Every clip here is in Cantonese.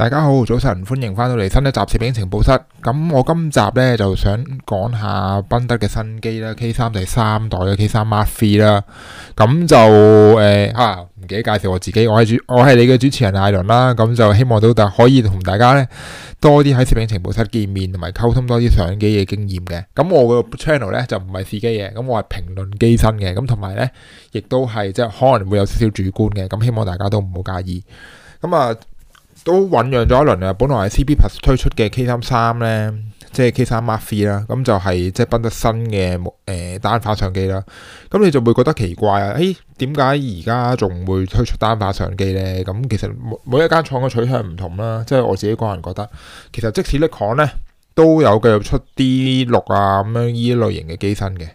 大家好，早晨，歡迎翻到嚟新一集攝影情報室。咁我今集呢，就想講下賓得嘅新機啦，K 三第三代嘅 K 三 Mark Three 啦。咁就誒吓，啊，唔記得介紹我自己，我係主，我係你嘅主持人艾倫啦。咁就希望都大可以同大家呢，多啲喺攝影情報室見面，同埋溝通多啲相機嘅經驗嘅。咁我嘅 channel 呢就唔係試機嘅，咁我係評論機身嘅。咁同埋呢，亦都係即係可能會有少少主觀嘅。咁希望大家都唔好介意。咁啊。都醖釀咗一輪啊！本來係 CBP 推出嘅 K 三三咧，即係 K 三 Mark Three 啦，咁就係即係奔得新嘅誒單反相機啦。咁你就會覺得奇怪啊！誒點解而家仲會推出單反相機咧？咁其實每每一間廠嘅取向唔同啦。即係我自己個人覺得，其實即使 Nikon 咧都有繼續出 D6 啊咁樣依一類型嘅機身嘅。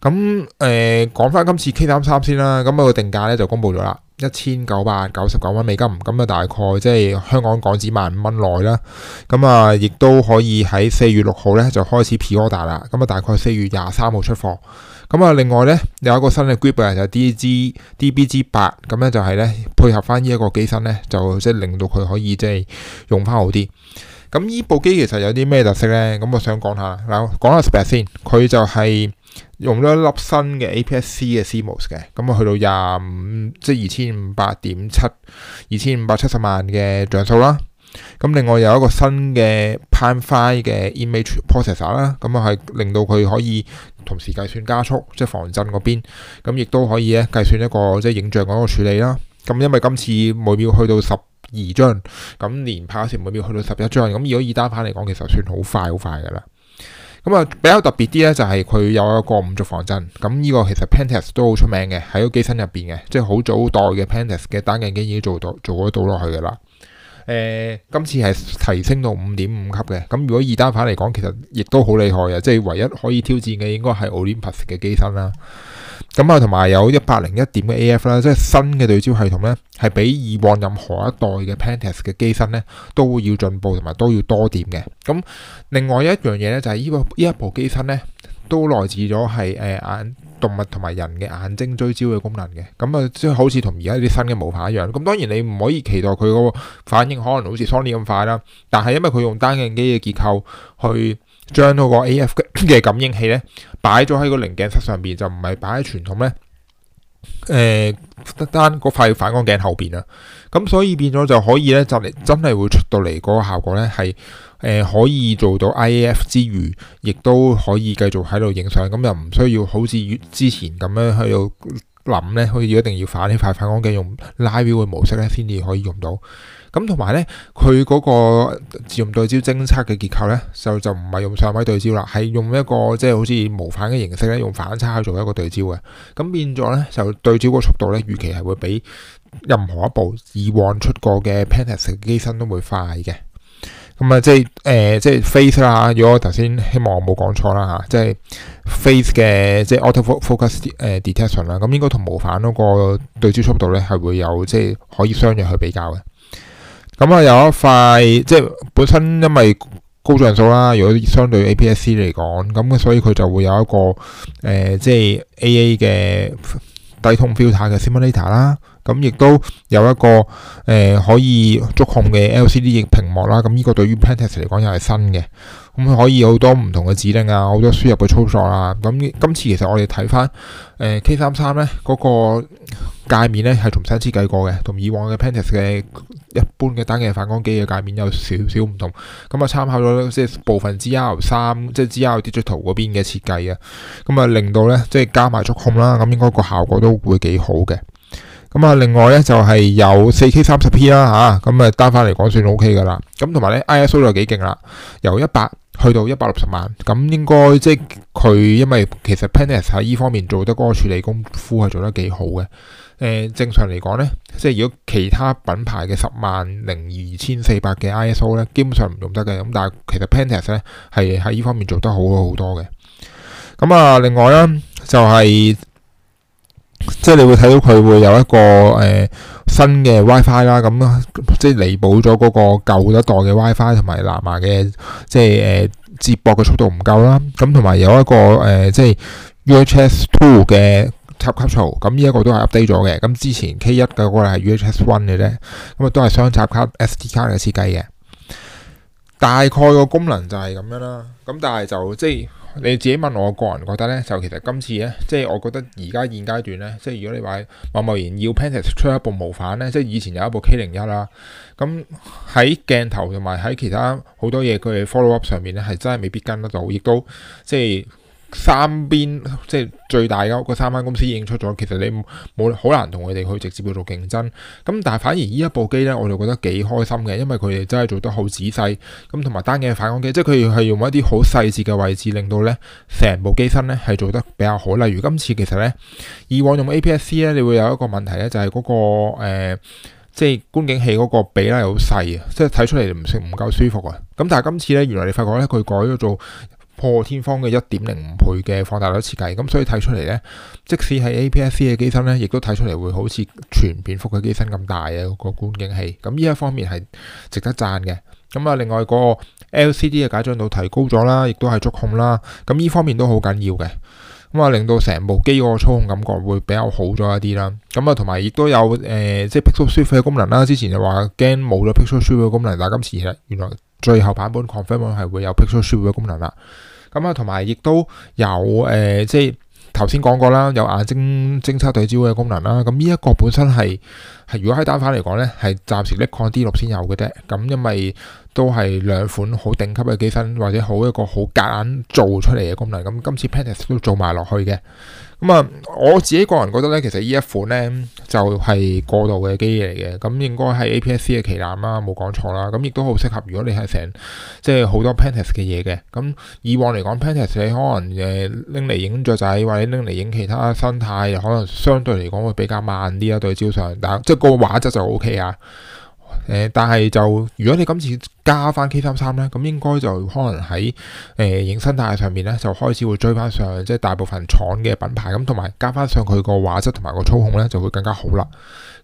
咁誒講翻今次 K 三三先啦，咁個定價咧就公佈咗啦。一千九百九十九蚊美金，咁啊，大概即係香港港紙萬五蚊內啦。咁啊，亦都可以喺四月六號咧就開始 place order 啦。咁啊，大概四月廿三號出貨。咁啊，另外咧有一個新嘅 gripper 就 DG DBG 八，咁咧就係咧配合翻呢一個機身咧，就即係令到佢可以即係用翻好啲。咁呢部機其實有啲咩特色咧？咁我想講下，嗱，講下 spec 先，佢就係、是。用咗一粒新嘅 APS-C 嘅 CMOS 嘅，咁啊去到廿五，即係二千五百點七，二千五百七十萬嘅像素啦。咁另外又有一個新嘅 Panfai 嘅 Image Processor 啦，咁啊係令到佢可以同時計算加速，即係防震嗰邊，咁亦都可以咧計算一個即係影像嗰個處理啦。咁因為今次每秒去到十二張，咁連拍先每秒去到十一張，咁如果以單反嚟講其實算好快好快噶啦。咁啊，比較特別啲咧，就係佢有一個五軸防震。咁呢個其實 Pentax 都好出名嘅，喺個機身入邊嘅，即係好早代嘅 Pentax 嘅單鏡機已經做到做得到落去嘅啦。誒、呃，今次係提升到五點五級嘅。咁如果二單反嚟講，其實亦都好厲害嘅，即係唯一可以挑戰嘅應該係 Olympus 嘅機身啦。咁啊，同埋有一百零一點嘅 AF 啦，即係新嘅對焦系統咧，係比以往任何一代嘅 Pentax 嘅機身咧都會要進步，同埋都要多點嘅。咁、嗯、另外一樣嘢咧，就係依個依一部機身咧，都來自咗係誒眼動物同埋人嘅眼睛追焦嘅功能嘅。咁、嗯、啊，即係好似同而家啲新嘅模塊一樣。咁、嗯、當然你唔可以期待佢個反應可能好似 Sony 咁快啦，但係因為佢用單鏡機嘅結構去將嗰個 AF 嘅 感應器咧。擺咗喺個棱鏡室上邊，就唔係擺喺傳統咧，誒、呃、單嗰塊反光鏡後邊啊。咁所以變咗就可以咧，就嚟真係會出到嚟嗰個效果咧，係誒、呃、可以做到 IAF 之餘，亦都可以繼續喺度影相，咁又唔需要好似之前咁樣喺度。諗咧，可以一定要反起塊反光鏡用 Live View 嘅模式咧，先至可以用到。咁同埋咧，佢嗰個自動對焦偵測嘅結構咧，就就唔係用上位對焦啦，係用一個即係、就是、好似模反嘅形式咧，用反差去做一個對焦嘅。咁變咗咧，就對焦個速度咧，預期係會比任何一部以往出過嘅 Pentax 機身都會快嘅。咁啊，即係誒，即係 Face 啦。如果我頭先希望我冇講錯啦嚇，即係 Face 嘅即係 auto focus 誒 detection 啦。咁應該同無反嗰個對焦速度咧，係會有即係可以相若去比較嘅。咁啊，有一塊即係本身因為高像素啦，如果相對 APS-C 嚟講，咁嘅所以佢就會有一個誒，即係 AA 嘅低通 filter 嘅 simulator 啦。咁亦都有一個誒、呃、可以觸控嘅 LCD 液晶屏幕啦。咁、啊、呢、這個對於 Pentax 嚟講又係新嘅。咁、啊、可以好多唔同嘅指令啊，好多輸入嘅操作啦、啊。咁、啊、今次其實我哋睇翻 K 三三咧嗰個界面咧係重新設計過嘅，同以往嘅 Pentax 嘅一般嘅單鏡反光機嘅界面有少少唔同。咁啊，參考咗即係部分 GR 三即係 GR Digital 嗰邊嘅設計啊。咁啊，令到咧即係加埋觸控啦，咁、啊、應該個效果都會幾好嘅。咁、就是、啊，另外咧就係有 4K30P 啦，吓咁啊單翻嚟講算 O K 噶啦。咁同埋咧 ISO 又幾勁啦，由一百去到一百六十萬，咁應該即係佢因為其實 Pentax 喺呢方面做得嗰個處理功夫係做得幾好嘅。誒、呃，正常嚟講咧，即係如果其他品牌嘅十萬零二千四百嘅 ISO 咧，基本上唔用得嘅。咁但係其實 Pentax 咧係喺呢方面做得好好多嘅。咁啊，另外咧就係、是。即係你會睇到佢會有一個誒、呃、新嘅 WiFi 啦，咁即係彌補咗嗰個舊一代嘅 WiFi 同埋藍牙嘅即係誒、呃、接駁嘅速度唔夠啦。咁同埋有一個誒、呃、即係 UHS Two 嘅插卡槽，咁呢一個都係 update 咗嘅。咁之前 K 一嘅嗰個係 UHS One 嘅啫，咁啊都係雙插卡 SD 卡嘅設計嘅。大概個功能就係咁樣啦。咁但係就即係。你自己問我，我個人覺得咧，就其實今次咧，即係我覺得而家現階段咧，即係如果你話貿貿然要 Pentax 出一部無反咧，即係以前有一部 K 零一啦，咁喺鏡頭同埋喺其他好多嘢佢 follow up 上面咧，係真係未必跟得到，亦都即係。三邊即係最大嘅三間公司已經出咗，其實你冇好難同佢哋去直接去做競爭。咁但係反而呢一部機呢，我就覺得幾開心嘅，因為佢哋真係做得好仔細。咁同埋單鏡反光機，即係佢係用一啲好細緻嘅位置，令到呢成部機身呢係做得比較好。例如今次其實呢，以往用 APS-C 咧，你會有一個問題呢，就係嗰個、呃、即係觀景器嗰個比例好細啊，即係睇出嚟唔適唔夠舒服啊。咁但係今次呢，原來你發覺呢，佢改咗做。破天荒嘅一點零五倍嘅放大率設計，咁所以睇出嚟呢，即使係 A.P.S.C 嘅機身呢，亦都睇出嚟會好似全片幅嘅機身咁大嘅個觀景器。咁呢一方面係值得讚嘅。咁啊，另外個 L.C.D 嘅解像度提高咗啦，亦都係觸控啦。咁呢方面都好緊要嘅。咁啊，令到成部機嗰個操控感覺會比較好咗一啲啦。咁啊，同埋亦都有誒、呃，即係 Pixel Shift 嘅功能啦。之前就話驚冇咗 Pixel Shift 嘅功能，但今次原來最後版本 Confirm 係會有 Pixel Shift 嘅功能啦。咁啊，同埋亦都有誒、呃，即係頭先講過啦，有眼睛偵測對焦嘅功能啦。咁呢一個本身係係如果喺單反嚟講咧，係暫時呢款 D 六先有嘅啫。咁、嗯、因為都係兩款好頂級嘅機身，或者好一個好夾硬做出嚟嘅功能。咁今次 Pentax 都做埋落去嘅。咁啊，我自己個人覺得呢，其實呢一款呢就係、是、過渡嘅機器嚟嘅。咁應該係 APS-C 嘅旗艦啦，冇講錯啦。咁亦都好適合如果你係成即係好多 Pentax 嘅嘢嘅。咁以往嚟講，Pentax 你可能誒拎嚟影雀仔或者拎嚟影其他生態，可能相對嚟講會比較慢啲啊。對焦上，但即係個畫質就 OK 啊。誒，但係就如果你今次加翻 K 三三咧，咁應該就可能喺誒、呃、影生態上面咧，就開始會追翻上即係、就是、大部分廠嘅品牌咁，同埋加翻上佢個畫質同埋個操控咧，就會更加好啦。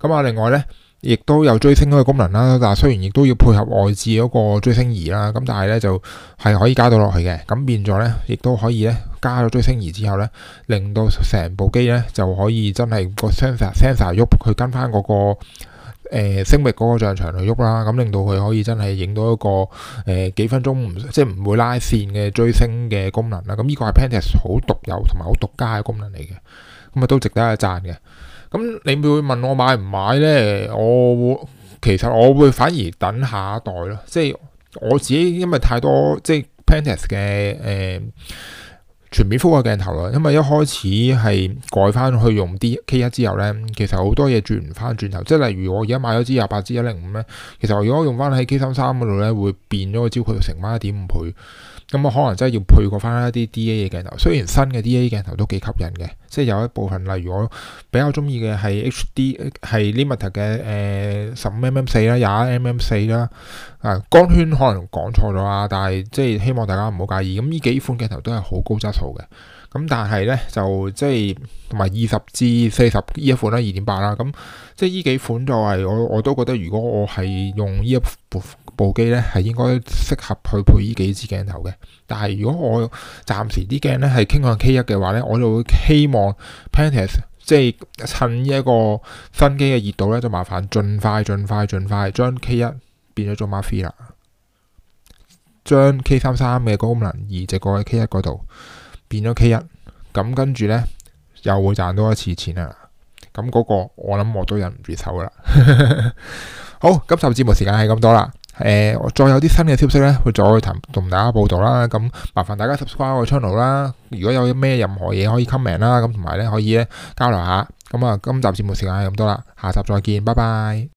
咁啊，另外咧，亦都有追星嗰個功能啦，但係雖然亦都要配合外置嗰個追星儀啦，咁但係咧就係、是、可以加到落去嘅。咁變咗咧，亦都可以咧加咗追星儀之後咧，令到成部機咧就可以真係個 sensor sensor 喐，佢跟翻嗰、那個。誒，精密嗰個像場去喐啦，咁、嗯、令到佢可以真係影到一個誒、呃、幾分鐘唔即係唔會拉線嘅追星嘅功能啦。咁、嗯、依、這個係 Pentax 好獨有同埋好獨家嘅功能嚟嘅，咁、嗯、啊都值得一讚嘅。咁、嗯、你會問我買唔買呢？我會其實我會反而等下一代咯。即係我自己因為太多即係 Pentax 嘅誒。呃全面覆個鏡頭啦，因為一開始係改翻去用啲 K 一之後呢，其實好多嘢轉唔翻轉頭，即係例如我而家買咗支廿八支一零五呢，其實我如果用翻喺 K 三三嗰度呢，會變咗個焦距，成翻一點五倍。咁我、嗯、可能真係要配過翻一啲 D.A. 嘅鏡頭，雖然新嘅 D.A. 鏡頭都幾吸引嘅，即係有一部分，例如我比較中意嘅係 H.D. 係 Limited 嘅誒十、呃、五 mm 四啦、mm 啊、廿一 mm 四啦，啊光圈可能講錯咗啊，但係即係希望大家唔好介意。咁、嗯、呢幾款鏡頭都係好高質素嘅，咁、嗯、但係咧就即係同埋二十至四十呢一款啦，二點八啦，咁、嗯、即係呢幾款就係、是、我我都覺得如果我係用呢一部部機咧係應該適合去配呢幾支鏡頭嘅，但係如果我暫時啲鏡咧係傾向 K 一嘅話咧，我就會希望 Pentax 即係趁呢一個新機嘅熱度咧，就麻煩盡快、盡快、盡快將 K 一變咗做 Mafia 啦，將 K 三三嘅功能移植過去 K 一嗰度，變咗 K 一，咁跟住咧又會賺多一次錢啊！咁嗰、嗰個我諗我都忍唔住手啦。 好，今集節目時間係咁多啦。誒，我、呃、再有啲新嘅消息咧，會再去同大家報道啦。咁，麻煩大家 subscribe 我個 channel 啦。如果有咩任何嘢可以 comment 啦，咁同埋咧可以咧交流下。咁啊，今集節目時間係咁多啦，下集再見，拜拜。